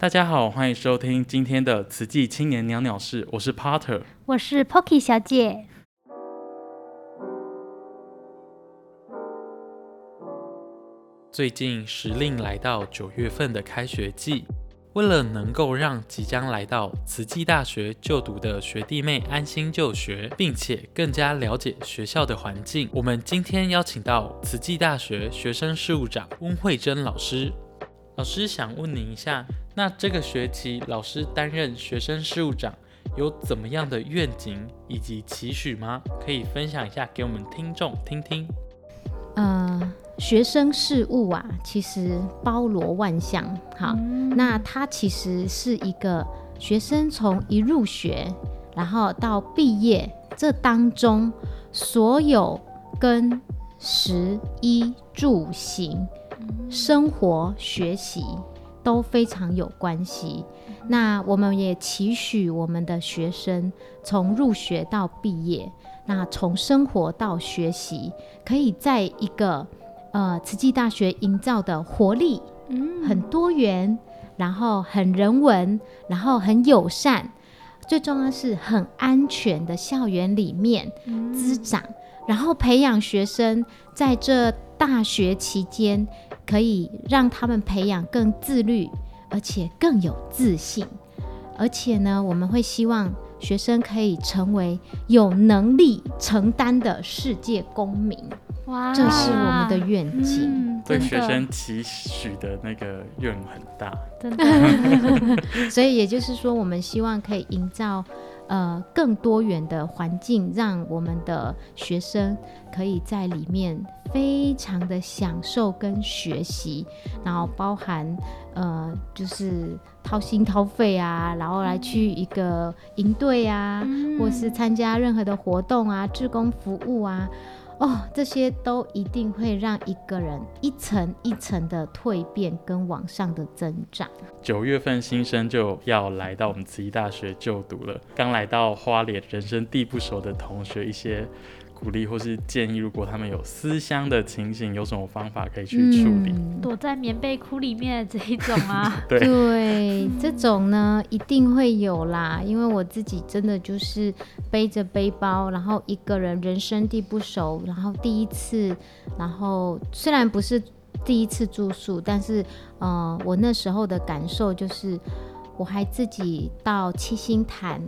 大家好，歡迎收聽今天的《慈濟青年鳥鳥事》，我是 Potter，我是 Pocky 小姐。最近時令來到九月份的開學季，為了能夠讓即將來到慈濟大學就讀的學弟妹安心就學，並且更加了解學校的環境，我們今天邀請到慈濟大學學生事務長溫蕙甄老師。老師，想問您一下。那這個學期老師擔任學生事務長，有怎麼樣的願景以及期許嗎？可以分享一下給我們聽眾聽聽。呃，學生事務啊，其實包羅萬象。好，嗯、那它其實是一個學生從一入學，然後到畢業這當中，所有跟食衣住行、生活、學習。都非常有關係。那我們也期許我們的學生從入學到畢業，那從生活到學習，可以在一個呃，慈濟大學營造的活力、嗯、很多元、然後很人文、然後很友善，最重要是很安全的校園裡面、嗯、滋長，然後培養學生在這大學期間。可以讓他們培養更自律，而且更有自信。而且呢，我們會希望學生可以成為有能力承擔的世界公民。哇，這是我們的願景。嗯，真的。對學生期許的那個願很大。真的。 所以也就是說，我們希望可以營造。呃，更多元的環境，讓我們的學生可以在裡面非常的享受跟學習，然後包含呃，就是掏心掏肺啊，然後來去一個營隊啊，或是參加任何的活動啊，志工服務啊。哦，這些都一定會讓一個人一層一層的蛻變跟往上的增長。九月份新生就要來到我們慈濟大學就讀了，剛來到花蓮人生地不熟的同學，一些。鼓勵或是建議，如果他們有思鄉的情形，有什麼方法可以去處理？嗯、躲在棉被窟裡面的這一種啊？ 對、對、嗯，這種呢一定會有啦，因為我自己真的就是背着背包，然後一個人人生地不熟，然後第一次，然後雖然不是第一次住宿，但是嗯、呃，我那時候的感受就是我還自己到七星潭，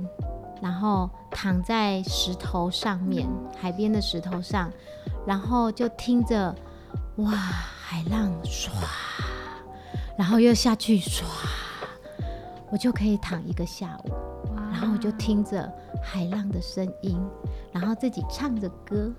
然後躺在石頭上面，海邊的石頭上，然後就聽着，哇，海浪唰，然後又下去唰，我就可以躺一個下午，然後我就聽着海浪的聲音，然後自己唱着歌，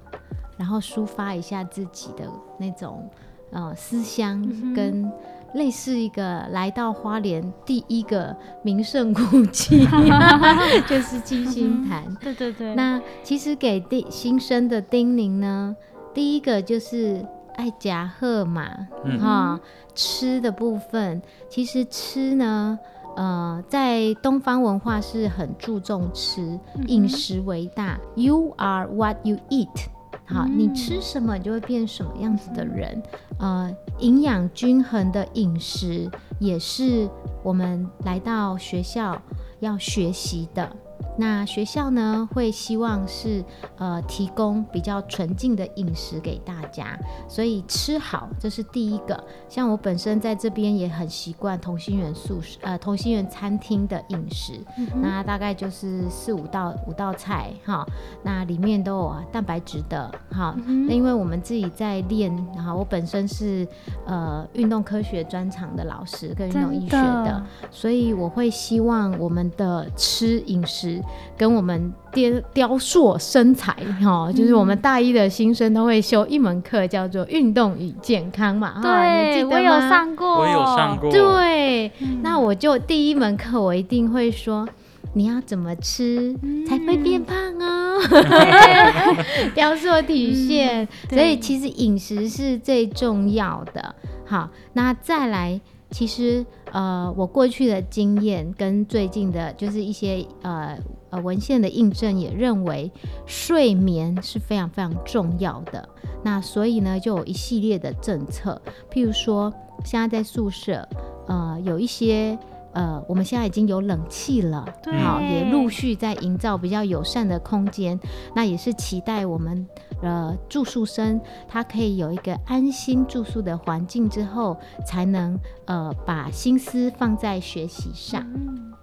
然後抒發一下自己的那種呃思鄉跟。類似一個來到花蓮第一個名勝古蹟 就是七星潭、 嗯。對對對。那其實給新生的叮嚀呢，第一個就是愛夾喝嘛，哈、嗯哦。吃的部分，其實吃呢，呃，在東方文化是很注重吃，飲食為大嗯嗯。You are what you eat。好，嗯，你吃什麼，你就會變什麼樣子的人。呃，營養均衡的飲食也是我們來到學校要學習的。那學校呢會希望是呃提供比較純淨的飲食給大家，所以吃好，這是第一個。像我本身在這邊也很習慣同心圓素食，呃同心圓餐廳的飲食，嗯，那大概就是四五道、五道菜哈，那裡面都有蛋白質的哈。那、嗯、因為我們自己在練哈，然後我本身是呃運動科學專長的老師跟運動醫學的，的，所以我會希望我們的吃飲食。跟我們雕雕塑身材哈，嗯，就是我們大一的新生都會修一門課，叫做運動與健康嘛。對、哦，我有上過。對，嗯，那我就第一門課，我一定會說，你要怎麼吃，嗯，才會變胖哦。 對對對 雕塑體現，嗯，所以其實飲食是最重要的。好，那再來。其實，呃，我過去的經驗跟最近的，就是一些呃呃文獻的印證，也認為睡眠是非常非常重要的。那所以呢，就有一系列的政策，譬如說，現在在宿舍，呃，有一些。呃，我們現在已經有冷氣了，好、哦，也陸續在營造比較友善的空間。那也是期待我們呃住宿生他可以有一個安心住宿的環境之後，才能呃把心思放在學習上，嗯。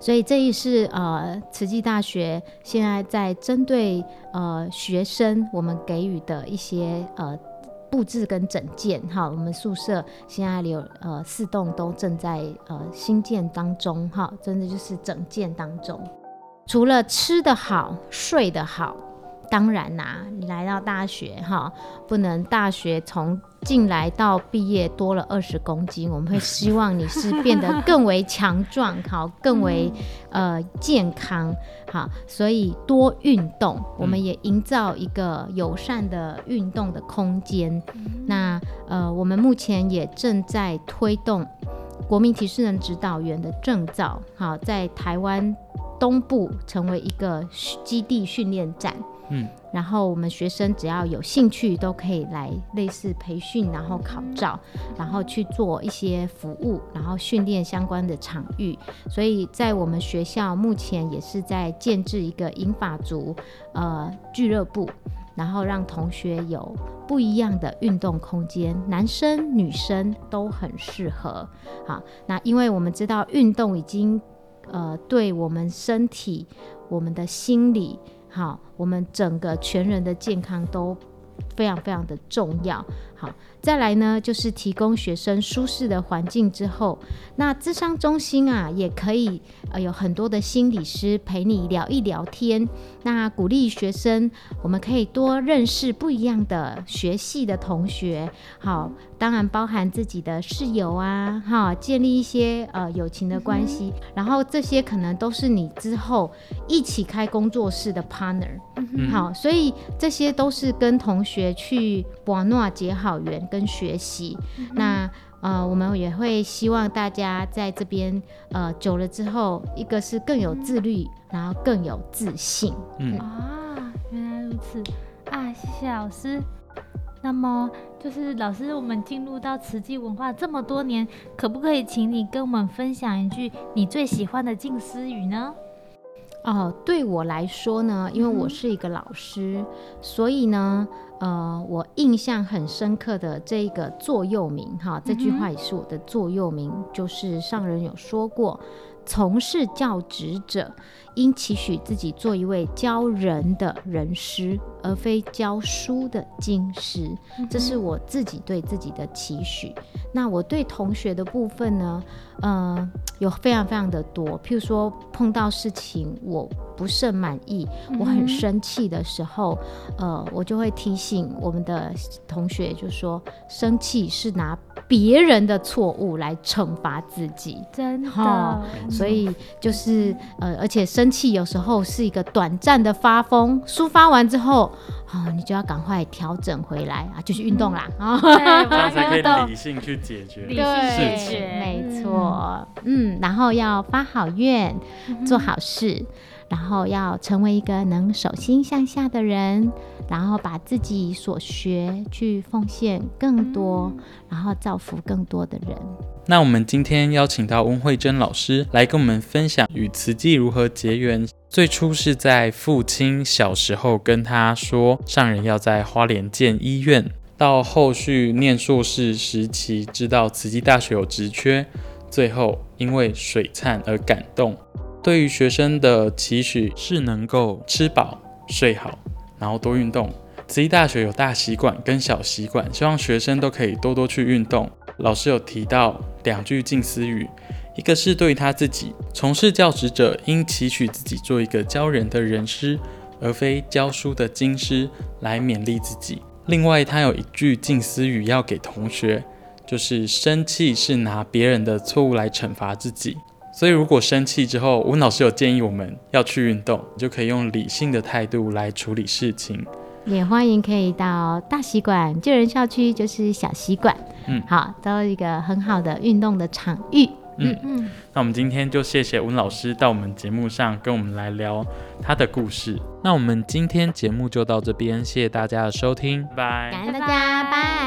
所以這也是呃慈濟大學現在在針對呃學生，我們給予的一些呃。佈置跟整建，哈，我們宿舍現在有呃四棟都正在呃新建當中，哈，真的就是整建當中，除了吃得好，睡得好。當然啦，你來到大學哈，不能大學從進來到畢業多了二十公斤，我們會希望你是變得更為強壯，好，更為、嗯、呃健康，好，所以多運動、嗯，我們也營造一個友善的運動的空間。嗯、那呃，我們目前也正在推動國民體適能指導員的證照，好，在台灣東部成為一個基地訓練站。嗯，然後我們學生只要有興趣，都可以來類似培訓，然後考照，然後去做一些服務，然後訓練相關的場域。所以在我們學校目前也是在建置一個英法族呃俱樂部，然後讓同學有不一樣的運動空間，男生女生都很適合。好，那因為我們知道運動已經呃對我們身體、我們的心理。好，我們整個全人的健康都非常非常的重要。好，再來呢，就是提供學生舒適的環境之後，那諮商中心啊，也可以呃有很多的心理師陪你聊一聊天。那鼓勵學生，我們可以多認識不一樣的學系的同學。好，當然包含自己的室友啊，哈，建立一些呃友情的關係，嗯。然後這些可能都是你之後一起開工作室的 partner。嗯，好，所以這些都是跟同學學去博諾結好緣跟學習，嗯、那呃，我們也會希望大家在這邊呃久了之後，一個是更有自律，嗯、然後更有自信。嗯啊、哦，原來如此啊，謝謝老師。那麼就是老師，我們進入到慈濟文化這麼多年，可不可以請你跟我們分享一句你最喜歡的靜思語呢？哦、呃，對我來說呢，因為我是一個老師，嗯、所以呢，呃，我印象很深刻的這一個座右銘，哈，這句話也是我的座右銘、嗯，就是上人有說過，從事教職者，應期許自己做一位教人的人師，而非教書的經師。這是我自己對自己的期許。嗯、那我對同學的部分呢？呃，有非常非常的多。譬如說，碰到事情我不甚滿意、嗯，我很生氣的時候，呃，我就會提醒我們的同學，就說：生氣是拿別人的錯誤來懲罰自己。真的，哦、所以就是、嗯、呃，而且生。生氣有時候是一個短暫的發瘋，抒發完之後。哦，你就要趕快調整回來、嗯、啊！就是運動啦、嗯哦，這樣才可以理性去解決事、嗯、情，沒錯、嗯。嗯，然後要發好願、嗯，做好事，然後要成為一個能手心向下的人，然後把自己所學去奉獻更多、嗯，然後造福更多的人。那我們今天邀請到溫蕙甄老師來跟我們分享與慈濟如何結緣。最初是在父親小時候跟他說，上人要在花蓮建醫院。到後續念碩士時期，知道慈濟大學有職缺，最後因為水懺而感動。對於學生的期許是能夠吃飽、睡好，然後多運動。慈濟大學有大體育館跟小體育館，希望學生都可以多多去運動。老師有提到兩句靜思語。一個是對他自己，從事教職者應期許自己做一個教人的人師，而非教書的經師，來勉勵自己。另外，他有一句靜思語要給同學，就是生氣是拿別人的錯誤來懲罰自己。所以，如果生氣之後，溫老師有建議我們要去運動，就可以用理性的態度來處理事情。也歡迎可以到大西館介仁校區，就是小西館，嗯，好，找一個很好的運動的場域。嗯嗯，那我們今天就謝謝溫老師到我們節目上跟我們來聊他的故事。那我們今天節目就到這邊，謝謝大家的收聽，拜拜，感謝大家，拜。